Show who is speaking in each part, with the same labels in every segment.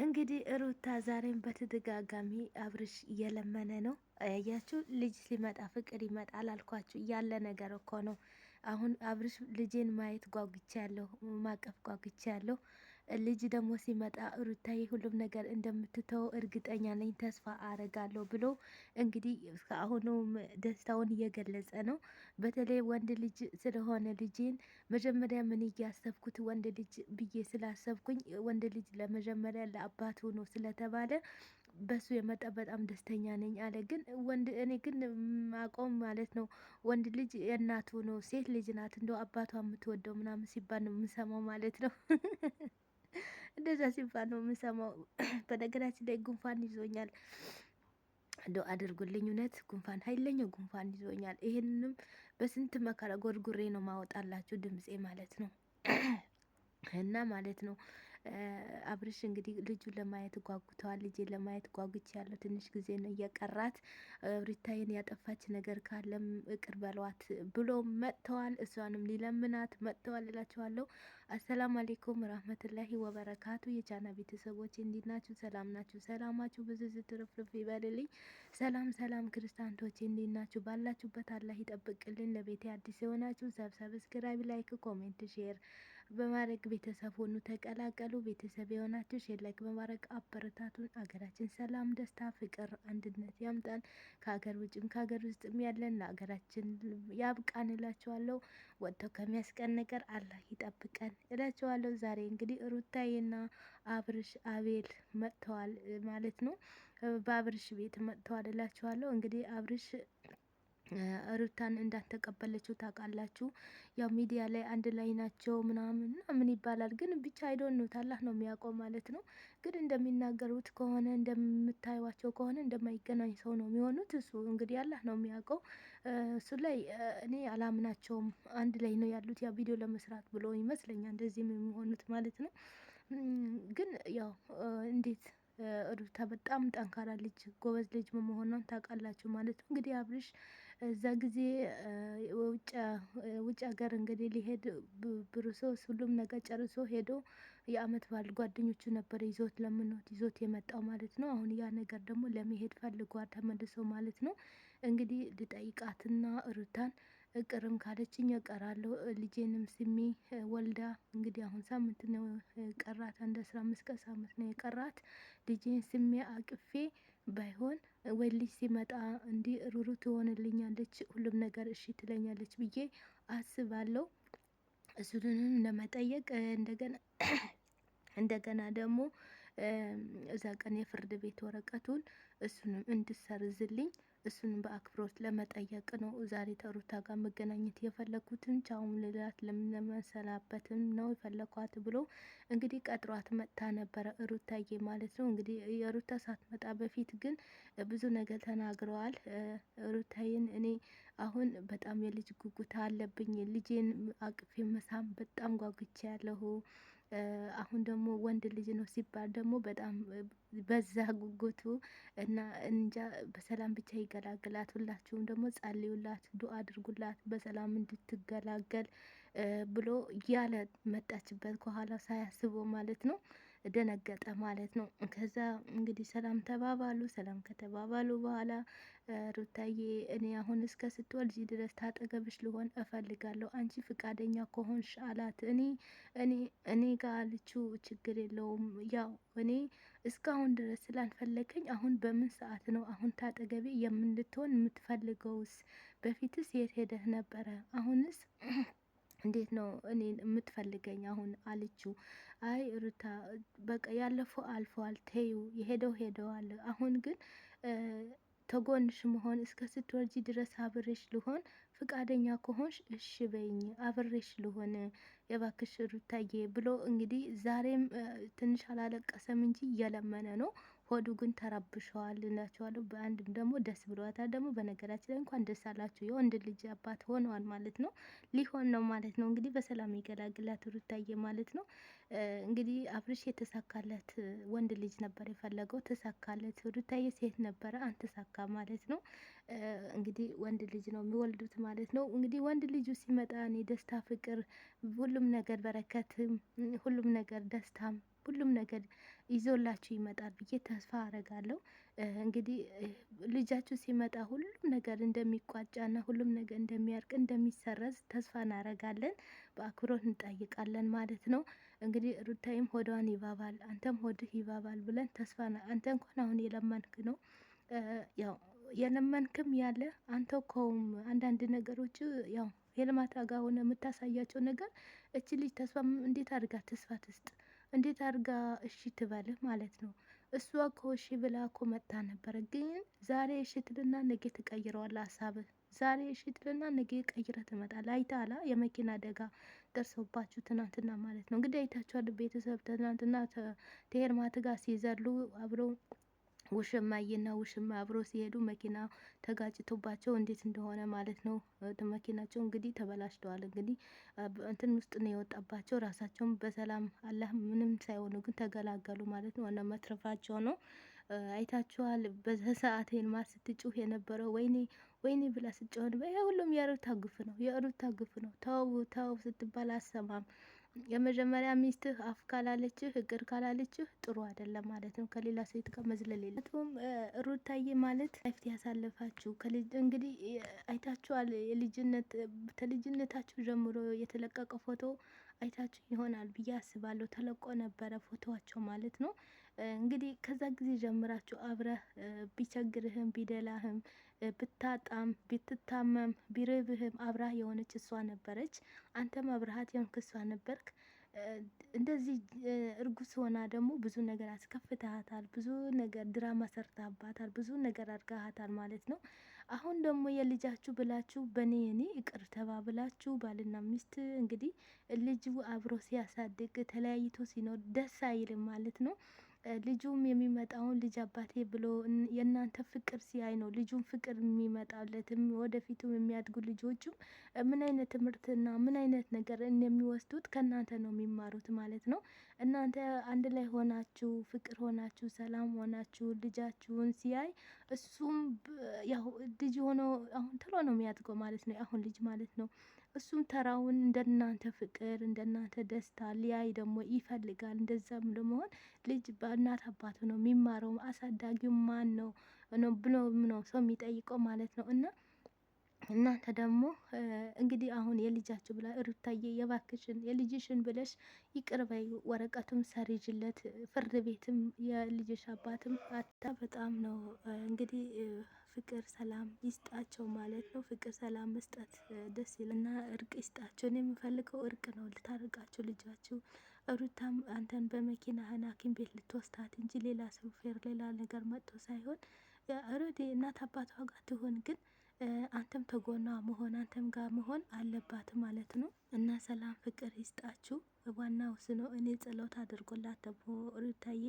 Speaker 1: እንግዲህ ሩታ ዛሬም በተደጋጋሚ አብርሽ እየለመነ ነው። አያችሁ ልጅ ሊመጣ ፍቅር ይመጣል አልኳችሁ ያለ ነገር እኮ ነው። አሁን አብርሽ ልጄን ማየት ጓጉቻ ያለሁ ማቀፍ ጓጉቻ ያለሁ ልጅ ደግሞ ሲመጣ ሩታዬ ሁሉም ነገር እንደምትተው እርግጠኛ ነኝ፣ ተስፋ አረጋለሁ ብሎ እንግዲህ ከአሁኑ ደስታውን እየገለጸ ነው። በተለይ ወንድ ልጅ ስለሆነ ልጅን መጀመሪያ ምን እያሰብኩት ወንድ ልጅ ብዬ ስላሰብኩኝ ወንድ ልጅ ለመጀመሪያ ለአባት ሆኖ ስለተባለ በሱ የመጣ በጣም ደስተኛ ነኝ አለ። ግን ወንድ እኔ ግን ማቆም ማለት ነው ወንድ ልጅ የእናቱ ነው፣ ሴት ልጅ ናት እንደ አባቷ የምትወደው ምናምን ሲባል ነው የምሰማው ማለት ነው። እንደዛ ሲባል ነው የምሰማው። በነገራችን ላይ ጉንፋን ይዞኛል። እንደው አድርጉልኝ እውነት ጉንፋን ኃይለኛ ጉንፋን ይዞኛል። ይህንንም በስንት መከራ ጎርጉሬ ነው ማወጣላችሁ ድምፄ ማለት ነው እና ማለት ነው አብርሽ እንግዲህ ልጁን ለማየት ጓጉተዋል። ልጄ ለማየት ጓጉች ያለው ትንሽ ጊዜ ነው እየቀራት ሪታይን ያጠፋች ነገር ካለም እቅር በሏት ብሎ መጥተዋል። እሷንም ሊለምናት መጥተዋል እላቸዋለሁ። አሰላሙ አሌይኩም ረህመቱላሂ ወበረካቱ። የቻና ቤተሰቦች እንዴት ናችሁ? ሰላም ናችሁ? ሰላማችሁ ብዙ ዝትርፍርፍ ይበልልኝ። ሰላም ሰላም ክርስቲያንቶች እንዲ ናችሁ? ባላችሁበት አላህ ይጠብቅልን። ለቤቴ አዲስ የሆናችሁ ሰብሰብስክራይብ፣ ላይክ፣ ኮሜንት፣ ሼር በማድረግ ቤተሰብ ሆኑ ተቀላቀሉ። ቤተሰብ የሆናችሁ ሼር ላይክ በማድረግ አበረታቱን። አገራችን ሰላም፣ ደስታ፣ ፍቅር፣ አንድነት ያምጣን። ከሀገር ውጭም ከሀገር ውስጥም ያለን ለሀገራችን ያብቃን እላችኋለሁ። ወጥተው ከሚያስቀን ነገር አላህ ይጠብቀን እላችኋለሁ። ዛሬ እንግዲህ ሩታዬና አብርሽ አቤል መጥተዋል ማለት ነው። በአብርሽ ቤት መጥተዋል እላችኋለሁ። እንግዲህ አብርሽ ሩታን እንዳልተቀበለችው ታውቃላችሁ። ያው ሚዲያ ላይ አንድ ላይ ናቸው ምናምን ምናምን ይባላል። ግን ብቻ አይዶን ነው ታላህ ነው የሚያውቀው ማለት ነው። ግን እንደሚናገሩት ከሆነ እንደምታዩቸው ከሆነ እንደማይገናኝ ሰው ነው የሚሆኑት። እሱ እንግዲህ አላህ ነው የሚያውቀው። እሱ ላይ እኔ አላምናቸውም። አንድ ላይ ነው ያሉት ያ ቪዲዮ ለመስራት ብሎ ይመስለኛል እንደዚህ የሚሆኑት ማለት ነው። ግን ያው እንዴት ሩታ በጣም ጠንካራ ልጅ ጎበዝ ልጅ መሆኗን ታውቃላችሁ ማለት ነው። እንግዲህ አብርሽ እዛ ጊዜ ውጭ ሀገር እንግዲህ ሊሄድ ብሩሶስ ሁሉም ነገር ጨርሶ ሄዶ የአመት በዓል ጓደኞቹ ነበር ይዞት ለምኖት ይዞት የመጣው ማለት ነው። አሁን ያ ነገር ደግሞ ለመሄድ ፈልጓል ተመልሶ ማለት ነው። እንግዲህ ልጠይቃትና ሩታን እቅርም ካለችኝ እቀራለሁ። ልጄንም ስሚ ወልዳ እንግዲህ አሁን ሳምንት ነው ቀራት፣ አንድ አስራ አምስት ቀን ሳምንት ነው የቀራት። ልጄን ስሜ አቅፌ ባይሆን ወይ ልጅ ሲመጣ እንዲህ ሩሩ ትሆንልኛለች፣ ሁሉም ነገር እሺ ትለኛለች ብዬ አስባለሁ። እሱንም ለመጠየቅ እንደገና እንደገና ደግሞ እዛ ቀን የፍርድ ቤት ወረቀቱን እሱንም እንድሰርዝልኝ እሱንም በአክብሮት ለመጠየቅ ነው ዛሬ ተሩታ ጋር መገናኘት የፈለኩትን ቻውም ልላት ለመሰላበትም ነው የፈለኳት ብሎ እንግዲህ ቀጥሯት መጥታ ነበረ ሩታዬ ማለት ነው። እንግዲህ የሩታ ሳትመጣ በፊት ግን ብዙ ነገር ተናግረዋል። ሩታዬን እኔ አሁን በጣም የልጅ ጉጉታ አለብኝ ልጄን አቅፌ መሳም በጣም ጓጉቻ ያለሁ አሁን ደግሞ ወንድ ልጅ ነው ሲባል ደግሞ በጣም በዛ ጉጉቱ እና እንጃ በሰላም ብቻ ይገላግላት። ሁላችሁም ደግሞ ጸልዩላት፣ ዱአ አድርጉላት በሰላም እንድትገላገል ብሎ ያለ መጣችበት ከኋላ ሳያስበው ማለት ነው። ደነገጠ ማለት ነው። ከዛ እንግዲህ ሰላም ተባባሉ። ሰላም ከተባባሉ በኋላ ሩታዬ እኔ አሁን እስከ ስትወልጂ ድረስ ታጠገብሽ ልሆን እፈልጋለሁ አንቺ ፍቃደኛ ከሆንሽ አላት። እኔ እኔ እኔ ጋር አለችው ችግር የለውም ያው እኔ እስካሁን ድረስ ስላልፈለገኝ አሁን በምን ሰዓት ነው አሁን ታጠገቤ የምንትሆን የምትፈልገውስ? በፊትስ የት ሄደህ ነበረ? አሁንስ እንዴት ነው እኔን የምትፈልገኝ አሁን አለችው። አይ ሩታ በቃ ያለፈው አልፈዋል፣ ተዩ የሄደው ሄደዋል። አሁን ግን ተጎንሽ መሆን እስከ ስትወልጂ ድረስ አብሬሽ ልሆን ፍቃደኛ ከሆንሽ እሺ በይኝ፣ አብሬሽ ልሆን የባክሽ ሩታዬ ብሎ እንግዲህ ዛሬም ትንሽ አላለቀሰም እንጂ እየለመነ ነው። ሆዱ ግን ተረብሸዋል እላቸዋለሁ። በአንድም ደግሞ ደስ ብሏታል። ደግሞ በነገራችን ላይ እንኳን ደስ አላችሁ የወንድ ልጅ አባት ሆነዋል ማለት ነው። ሊሆን ነው ማለት ነው። እንግዲህ በሰላም ይገላግላት ሩታዬ ማለት ነው። እንግዲህ አብርሽ የተሳካለት ወንድ ልጅ ነበር የፈለገው፣ ተሳካለት። ሩታዬ ሴት ነበረ፣ አልተሳካ ማለት ነው። እንግዲህ ወንድ ልጅ ነው የሚወልዱት ማለት ነው። እንግዲህ ወንድ ልጁ ሲመጣ እኔ ደስታ፣ ፍቅር፣ ሁሉም ነገር በረከትም፣ ሁሉም ነገር ደስታም፣ ሁሉም ነገር ይዞላችሁ ይመጣል ብዬ ተስፋ አረጋለሁ። እንግዲህ ልጃችሁ ሲመጣ ሁሉም ነገር እንደሚቋጫና ሁሉም ነገር እንደሚያርቅ እንደሚሰረዝ ተስፋ እናረጋለን። በአክብሮት እንጠይቃለን ማለት ነው። እንግዲህ ሩታይም ሆዷን ይባባል፣ አንተም ሆድህ ይባባል ብለን ተስፋ አንተ እንኳን አሁን የለመንክ ነው ያው የለመንክም ያለ አንተ ከውም አንዳንድ ነገሮች ያው የልማት ጋር ሆነ የምታሳያቸው ነገር እች ልጅ ተስፋ እንዴት አድርጋ ተስፋ ትስጥ? እንዴት አድርጋ እሺ ትበል ማለት ነው። እሷ እኮ እሺ ብላ እኮ መጣ ነበረ። ግን ዛሬ እሺ ትልና ነገ ትቀይረዋል ሀሳብህ። ዛሬ እሺ ትልና ነገ ቀይረህ ትመጣለህ። አይተሃል፣ የመኪና አደጋ ደርሶባችሁ ትናንትና ማለት ነው። እንግዲህ አይታችኋል ቤተሰብ ትናንትና ከሄርማት ጋር ሲዘሉ አብረው ውሽማዬና ውሽማ አብሮ ሲሄዱ መኪና ተጋጭቶባቸው እንዴት እንደሆነ ማለት ነው። መኪናቸው እንግዲህ ተበላሽተዋል። እንግዲህ እንትን ውስጥ ነው የወጣባቸው። ራሳቸውን በሰላም አላህ ምንም ሳይሆኑ ግን ተገላገሉ ማለት ነው። ዋና መትረፋቸው ነው። አይታችኋል። በዛ ሰዓት ሄልማ ስትጩህ የነበረው ወይኔ ወይኔ ብላ ስትጮህ ሁሉም የሩታ ግፍ ነው፣ የሩታ ግፍ ነው። ተው ተው ስትባል አሰማም የመጀመሪያ ሚስትህ አፍ ካላለችህ እግር ካላለችህ ጥሩ አይደለም ማለት ነው። ከሌላ ሴት ጋር መዝለል የለም። ሩታዬ ማለት ላይፍት ያሳለፋችሁ እንግዲህ አይታችኋል። የልጅነት ከልጅነታችሁ ጀምሮ የተለቀቀ ፎቶ አይታችሁ ይሆናል ብዬ አስባለሁ። ተለቆ ነበረ ፎቶዋቸው ማለት ነው። እንግዲህ ከዛ ጊዜ ጀምራችሁ አብረህ ቢቸግርህም ቢደላህም ብታጣም ብትታመም ቢርብህም አብራህ የሆነች እሷ ነበረች። አንተም አብረሃት የሆንክ እሷ ነበርክ። እንደዚህ እርጉዝ ሆና ደግሞ ብዙ ነገር አስከፍተሃታል፣ ብዙ ነገር ድራማ ሰርታባታል። ብዙ ነገር አድርገሃታል ማለት ነው። አሁን ደግሞ የልጃችሁ ብላችሁ በኔ የኔ ይቅር ተባብላችሁ ባልና ሚስት እንግዲህ ልጁ አብሮ ሲያሳድግ ተለያይቶ ሲኖር ደስ አይልም ማለት ነው። ልጁም የሚመጣውን ልጅ አባቴ ብሎ የእናንተ ፍቅር ሲያይ ነው ልጁም ፍቅር የሚመጣለትም ወደፊቱም የሚያድጉ ልጆቹም ምን አይነት ትምህርትና ምን አይነት ነገር የሚወስዱት ከእናንተ ነው የሚማሩት ማለት ነው። እናንተ አንድ ላይ ሆናችሁ ፍቅር ሆናችሁ ሰላም ሆናችሁ ልጃችሁን ሲያይ እሱም ያው ልጅ ሆኖ አሁን ተሎ ነው የሚያድገው ማለት ነው። አሁን ልጅ ማለት ነው እሱም ተራውን እንደናንተ ፍቅር እንደናንተ ደስታ ሊያይ ደግሞ ይፈልጋል። እንደዛም ለመሆን ልጅ በእናት አባቱ ነው የሚማረው። አሳዳጊው ማን ነው ነው ብሎ ነው ሰው የሚጠይቀው ማለት ነው። እና እናንተ ደግሞ እንግዲህ አሁን የልጃችሁ ብላ ሩታዬ፣ የባክሽን የልጅሽን ብለሽ ይቅርበይ፣ በይ። ወረቀቱም ሰሪጅለት ፍርድ ቤትም የልጅሽ አባትም አታ በጣም ነው እንግዲህ ፍቅር ሰላም ይስጣቸው ማለት ነው። ፍቅር ሰላም መስጠት ደስ ይል እና እርቅ ይስጣቸው። እኔ የምፈልገው እርቅ ነው። ልታርቃቸው ልጃችሁ ሩታም አንተን በመኪና ሐኪም ቤት ልትወስዳት እንጂ ሌላ ሰው ፌር ሌላ ነገር መጥቶ ሳይሆን ሩቴ እናት አባቷ ጋር ትሆን ግን አንተም ተጎኗ መሆን አንተም ጋር መሆን አለባት ማለት ነው። እና ሰላም ፍቅር ይስጣችሁ። ዋናው ስኖ እኔ ጸሎት አድርጎላት ተብሎ ሩታዬ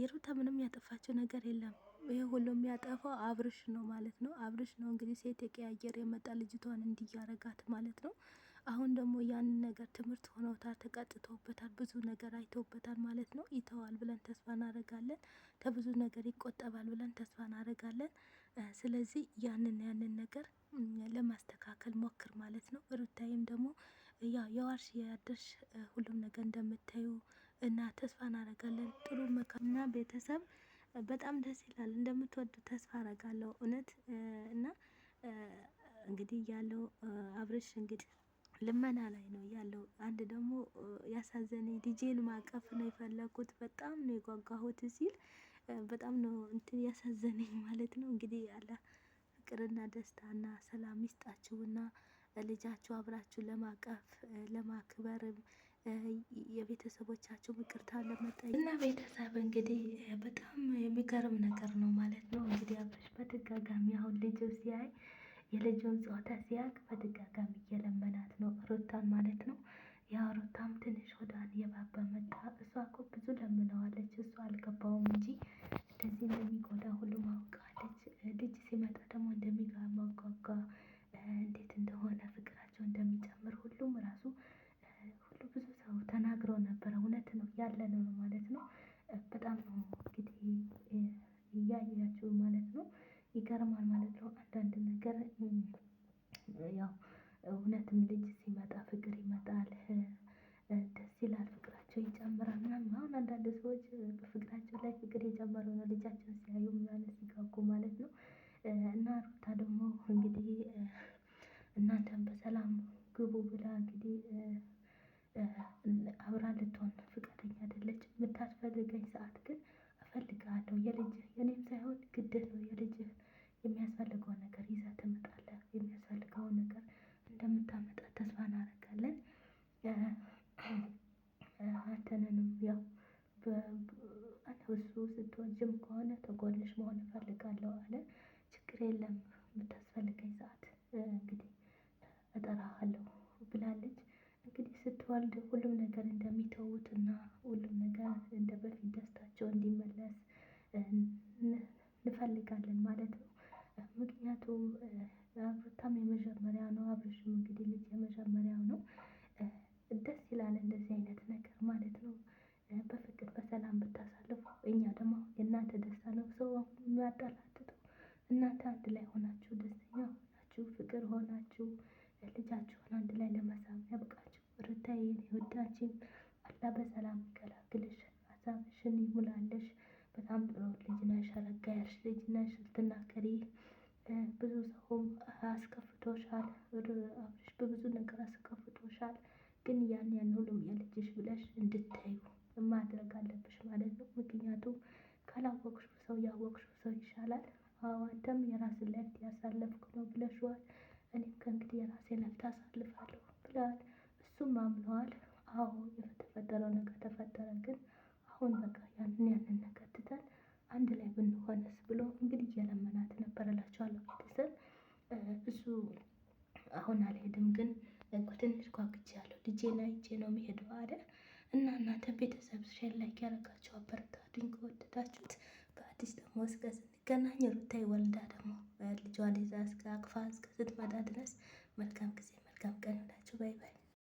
Speaker 1: የሩታ ምንም ያጠፋችው ነገር የለም። ይህ ሁሉ የሚያጠፋው አብርሽ ነው ማለት ነው። አብርሽ ነው እንግዲህ ሴት የቀያየር የመጣ ልጅቷን እንዲያረጋት ማለት ነው። አሁን ደግሞ ያንን ነገር ትምህርት ሆኖታል፣ ተቀጥቶበታል፣ ብዙ ነገር አይተውበታል ማለት ነው። ይተዋል ብለን ተስፋ እናደርጋለን። ከብዙ ነገር ይቆጠባል ብለን ተስፋ እናደርጋለን። ስለዚህ ያንን ያንን ነገር ለማስተካከል ሞክር ማለት ነው። ሩታይም ደግሞ ያው የዋርሽ የአደርሽ ሁሉም ነገር እንደምታዩ እና ተስፋ እናደርጋለን ጥሩ መካና ቤተሰብ በጣም ደስ ይላል። እንደምትወዱ ተስፋ አረጋለሁ እውነት እና እንግዲህ ያለው አብርሽ እንግዲህ ልመና ላይ ነው ያለው። አንድ ደግሞ ያሳዘነኝ ልጄን ማቀፍ ነው የፈለኩት በጣም ነው የጓጓሁት ሲል በጣም ነው እንትን ያሳዘነኝ ማለት ነው። እንግዲህ ያለ ፍቅርና ደስታና ሰላም ይስጣችሁና ልጃችሁ አብራችሁ ለማቀፍ ለማክበርም የቤተሰቦቻቸውን ይቅርታ ለመጠየቅ እና ቤተሰብ እንግዲህ በጣም የሚገርም ነገር ነው ማለት ነው። እንግዲህ አብርሽ በተጋጋሚ አሁን ልጁ ሲያይ የልጁን ጨዋታ ሲያቅ በተጋጋሚ እየለመናት ነው ሩታን ማለት ነው። ያ ሩታም ትንሽ ወዳን የባባ መጣ። እሷ እኮ ብዙ ለምነዋለች፣ እሱ አልገባውም እንጂ ልጅ ሲመጣ ፍቅር ይመጣል፣ ደስ ይላል፣ ፍቅራቸው ይጨምራል ምናምን። አሁን አንዳንድ ሰዎች በፍቅራቸው ላይ ፍቅር የጨመሩ ነው ልጃቸውን ሲያዩ ምናምን ሲጓጉ ማለት ነው። እና ሩታ ደግሞ እንግዲህ እናንተም በሰላም ግቡ ብላ እንግዲህ አብራ ልትሆን ፍቃደኛ አይደለች። የምታስፈልገኝ ሰዓት ግን እፈልግሃለሁ፣ የልጅህ የኔም ሳይሆን ግድህ ነው፣ የልጅህ የሚያስፈልገው ነገር ይዘህ ትመጣለህ ተመልሷል። ሁሉም ነገር እንደሚተዉት እና ሁሉም ነገር እንደ በፊት ደስታቸው እንዲመለስ እንፈልጋለን ማለት ነው። ምክንያቱም ሩታም የመጀመሪያ ነው፣ አብርሽም እንግዲህ ልጅ የመጀመሪያው ነው። ደስ ይላል እንደዚህ አይነት ነገር ማለት ነው። በፍቅር በሰላም ብታሳልፉ፣ እኛ ደግሞ የእናንተ ደስታ ነው። ሰው አሁን የሚያጠላጥጡ እናንተ አንድ ላይ ግን ያን ያን ሁሉም የልጅሽ ብለሽ እንድታዩ ማድረግ አለብሽ ማለት ነው። ምክንያቱም ካላወቅሽ ሰው ያወቅሽ ሰው ይሻላል። አዎ አንተም የራስን ላይፍ ያሳለፍክ ነው ብለሽዋል። እኔም ከእንግዲህ የራሴን ላይፍ ታሳልፋለሁ ብለዋል። እሱም አምነዋል። አዎ የተፈጠረው ነገር ተፈጠረ፣ ግን አሁን በቃ ያንን ያንን ነገር ትተን አንድ ላይ ብንሆንስ ብሎ እንግዲህ እየለመናት ነው። ሄጄ አይቼ ነው የሚሄደው አይደል? እና እናንተ ቤተሰብ ሼር ያረጋቸው ያደረጋችሁ